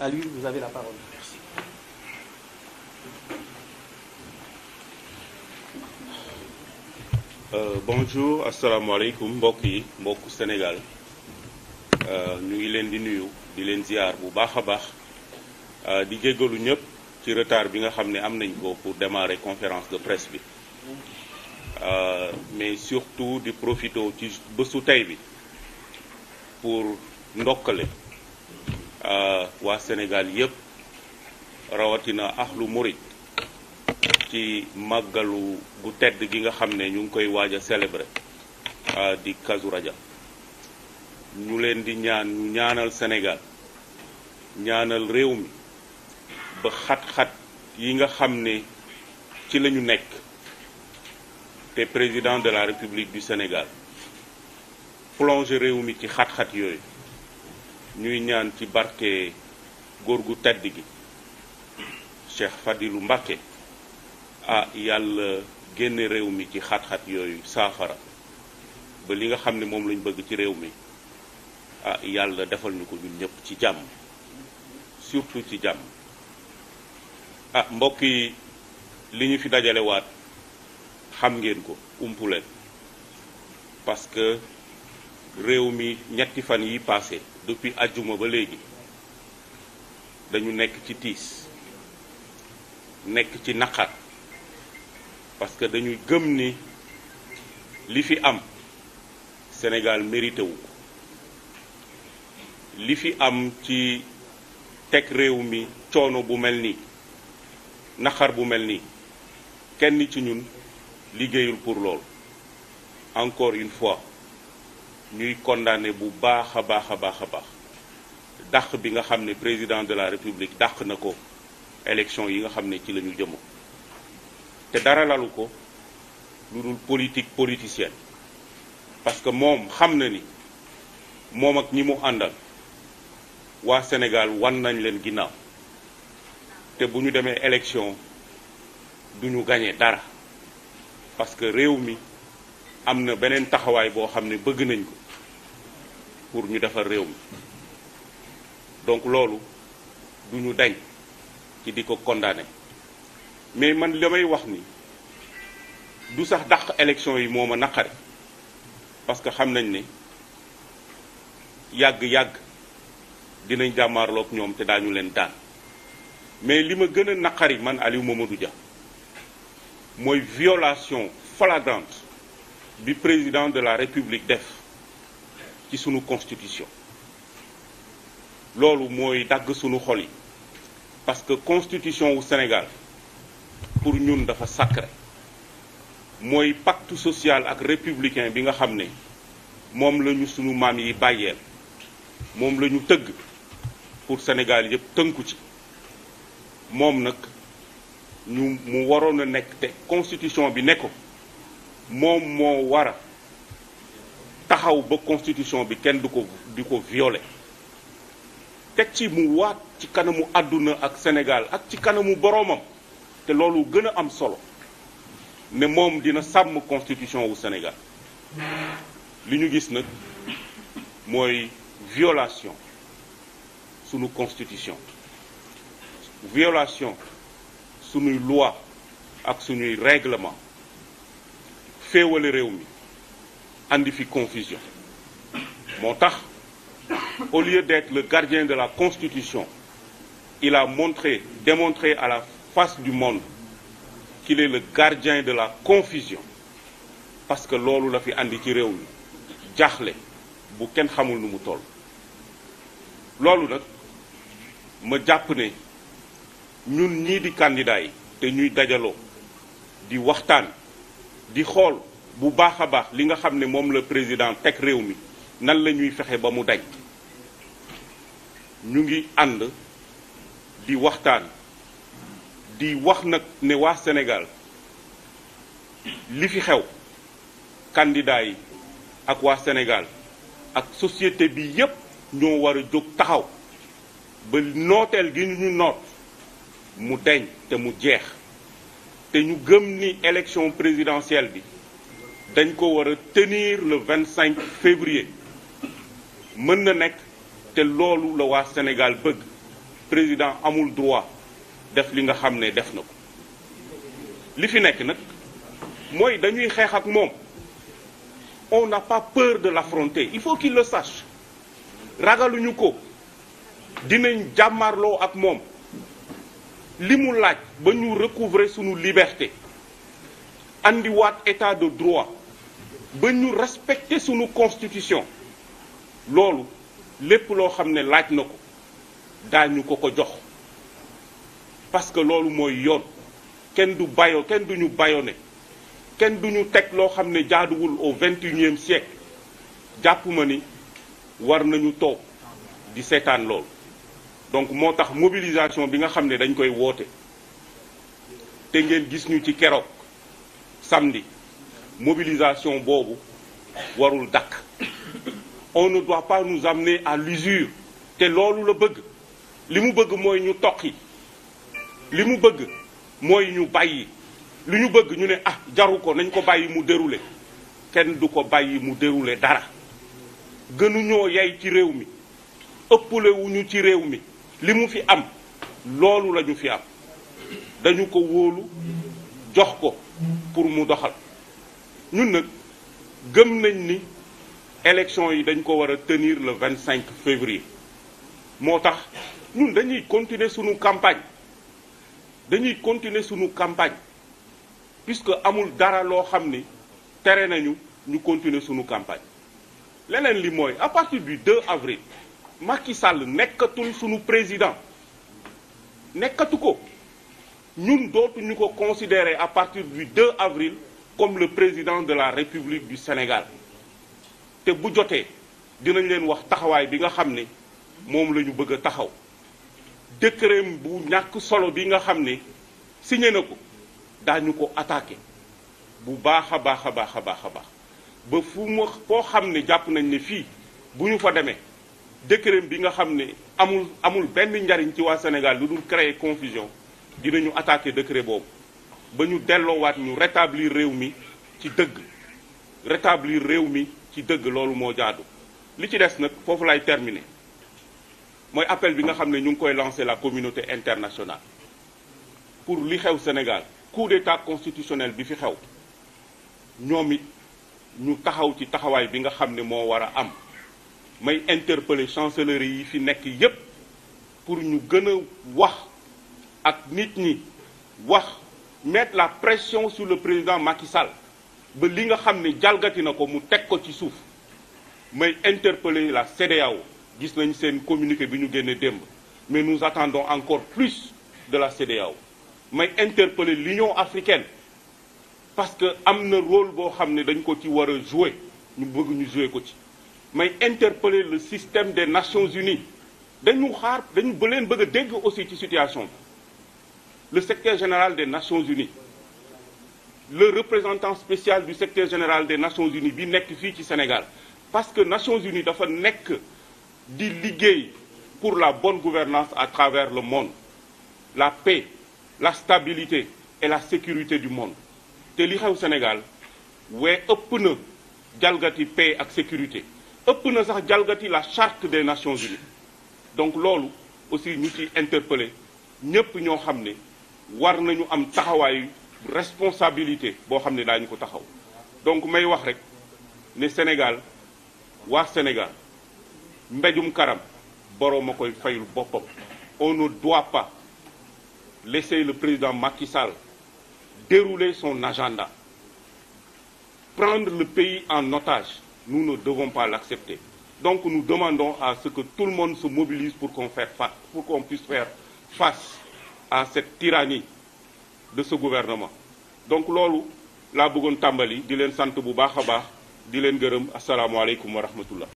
À lui, vous avez asalaamaaleykum euh, mbokk yi mbokku Sénégal euh, ñu ngi leen di nuyu di leen ziar bu baax a baax euh, di jéggalu ñëpp ci retard bi nga xam ne am nañ ko pour démarrer conférence de presse bi euh, mais surtout di profito ci bësu tey bi pour ndokkale. Euh, waa Sénégal yépp rawatina axlu murit ci màggalu gu tedd gi nga xam ne ñu ngi koy waaj a célébrer euh, di Kazu Rajab ñu leen di ñaan ñu ñaanal Sénégal ñaanal réew mi ba xat-xat yi nga xam ne ci la ñu nekk te président de la République du Sénégal plongé réew mi ci xat-xat yooyu ñuy ñaan ci barke góor gu tedd gi Cheikh Fadilu Mbacké ah yàlla génne réew mi ci xat-xat yooyu saafara ba li nga xam ne moom lañ bëgg ci réew mi ah yàlla defal ñu ko ñun ñëpp ci jàmm surtout ci jàmm ah mbokk yi li ñu fi dajalewaat xam ngeen ko umpuleen parce que réew mi ñetti fan yi passé depuis àjjuma ba léegi dañu nekk ci tiis nekk ci naqar parce que dañuy gëm ni li fi am Sénégal mérité li fi am ci teg réew mi coono bu mel nii naqar bu mel nii kenn ci ñun liggéeyul pour lool encore une fois ñuy condamné bu baax a baax a baax a baax dàq bi nga xam ne président de la république dàq na ko élection yi nga xam ne ci la ñu jëmoo te dara lalu ko lu dul politique politicienne parce que moom xam na ni moom ak ñi mu àndal waa Sénégal wan nañ leen ginnaaw te bu ñu demee élection du ñu gañe dara parce que réew mi am na beneen taxawaay boo xam ne bëgg nañ ko pour ñu defar réew mi donc loolu du ñu dañ ci di ko condamné mais man li may wax ni du sax dàq élection yi moo ma naqare parce que xam nañ ne yàgg-yàgg dinañ jàmmaarloog ñoom te daañu leen daan mais li ma gën a naqari man ma Mamadou Dia mooy violation flagrante bi président de la République def ci suñu constitution loolu mooy dagg suñu xol yi parce que constitution wu Sénégal pour ñun dafa sacré mooy pacte social ak républicain bi nga xam ne moom la ñu sunu maam yi bàyyeel moom la ñu tëgg pour Sénégal yëpp tënku ci moom nag ñu mu waroon a nekk te constitution bi ne ko moom moo wara taxaw ba constitution bi kenn du ko di ko violer teg ci mu waat ci kanamu àdduna ak Sénégal ak ci kanamu boromam te loolu gën a am solo ne moom dina sàmm constitution wu Sénégal li ñu gis nag mooy violation sunu constitution violation sunuy loi ak sunuy règlement féewale réew mi andi fi confusion moo tax au lieu d'être le gardien de la constitution il a montré démontré à la face du monde qu'il est le gardien de la confusion parce que loolu la fi andi ci réew mi jaaxle bu kenn xamul nu mu toll loolu nag ma jàpp ne ñun ñii di candidat yi te ñuy dajaloo di waxtaan di xool bu baax a baax li nga xam ne moom la président teg réew mi nan la ñuy fexe ba mu dañ ñu ngi ànd di waxtaan di wax nag ne waa Sénégal li fi xew candidat yi ak waa Sénégal ak société bi yépp ñoo war a jóg taxaw ba nooteel gi ñu noot mu deñ te mu jeex te ñu gëm ni élection présidentielle bi dañ ko war a tenir le 25 février mën na nekk te loolu la waa Sénégal bëgg président amul droit def li nga xam ne def na ko li fi nekk nag mooy dañuy xeex ak moom on n'a pas peur de l'affronter il faut qu'il le sache ragaluñu ko dinañ jàmmarloo ak moom li mu laaj ba ñu recouvrer sunu liberté andiwaat état de droit ba ñu respecter sunu constitution loolu lépp loo xam ne laaj na ko daañu ko ko jox parce que loolu mooy yoon kenn du bayo kenn du ñu ne kenn du ñu teg loo xam ne jaaduwul au vingt-et-unième siècle jàpp ni war nañu toog di seetaan loolu donc moo tax mobilisation bi nga xam ne dañ koy woote te ngeen gis ñu ci keroog samedi mobilisation boobu warul dakk on ne doit pas nous amener à l'usure te loolu la bëgg li mu bëgg mooy ñu toqi li mu bëgg mooy ñu bàyyi li ñu bëgg ñu ne ah jaru ko nañ ko bàyyi mu déroulé kenn du ko bàyyi mu déroulé dara gënuñoo yay ci réew mi ëpplewuñu ci réew mi li mu fi am loolu la ñu fi am dañu ko wóolu jox ko pour mu doxal ñun nag gëm nañ ni élection yi dañ ko war a tenir le cinq février moo tax ñun dañuy continuer sunu campagne dañuy continuer sunu campagne puisque amul dara loo xam ni tere nañu ñu continuer sunu campagne leneen li mooy à partir du 2 avril Macky sàll nekkatul sunu président nekkatu ko ñun ñu ko considérer à partir du 2 avril comme le président de la République du Sénégal te bu jotee dinañ leen wax taxawaay bi nga xam ne moom la ñu bëgg a taxaw décret bu ñàkk solo bi nga xam ne signé na ko daañu ko attaqué bu baax a baax a baax a baax a baax ba fu ma foo xam ne jàpp nañ ne fii bu ñu fa demee décret bi nga xam ne amul amul benn njariñ ci waa Sénégal lu dul créer confusion dinañu attaquer décret boobu ba ñu delloowaat ñu rétablir réew mi ci dëgg rétablir réew mi ci dëgg loolu moo jaadu li ci des nag foofu lay terminer mooy appel bi nga xam ne ñu ngi koy lancer la communauté internationale pour li xew Sénégal coup d'état constitutionnel bi fi xew ñoom it ñu taxaw ci taxawaay bi nga xam ne moo war a am may interpeller chancellerie yi fi nekk yépp pour ñu gën a wax ak nit ñi wax mettre la pression sur le président Macky ba li nga xam ne jalgati na ko mu teg ko ci suuf may interpeller la CEDEAO gis nañ seen communiqué bi ñu génnee démb mais nous attendons encore plus de la CEDEAO may interpeller l'Union africaine parce que am na rôle boo xam ne dañ ko ci war a jouer ñu bëgg ñu jouer ko ci may interpeller le système des Nations Unies dañu xaar dañu ba leen bëgg a dégg aussi ci situation bi le secrétaire général des Nations Unies le représentant spécial du secrétaire général des Nations Unies bi nekk fii ci Sénégal parce que Nations Unies dafa nekk di liggéey pour la bonne gouvernance à travers le monde la paix la stabilité et la sécurité du monde te li xew Sénégal wee ëpp jalgati paix ak sécurité ëpp na sax jalgati la charte des Nations Unies donc loolu aussi ñu ci interpellé ñépp ñoo xam ne war nañu am taxawaayu responsabilité boo xam ne daañu ko taxaw donc may wax rek ne Sénégal waa Sénégal mbéjum karam boroom a koy fayul boppam on ne doit pas laisser le président Macky Sall dérouler son agenda prendre le pays en otage nous ne devons pas l'accepter donc nous demandons à ce que tout le monde se mobilise pour qu'on fasse face pour qu'on puisse faire à cette tyrannie de ce gouvernement donc loolu laa bëggoon tàmbali di leen sant bu baax a baax di leen gërëm asalaamualeykum wa rahmatullah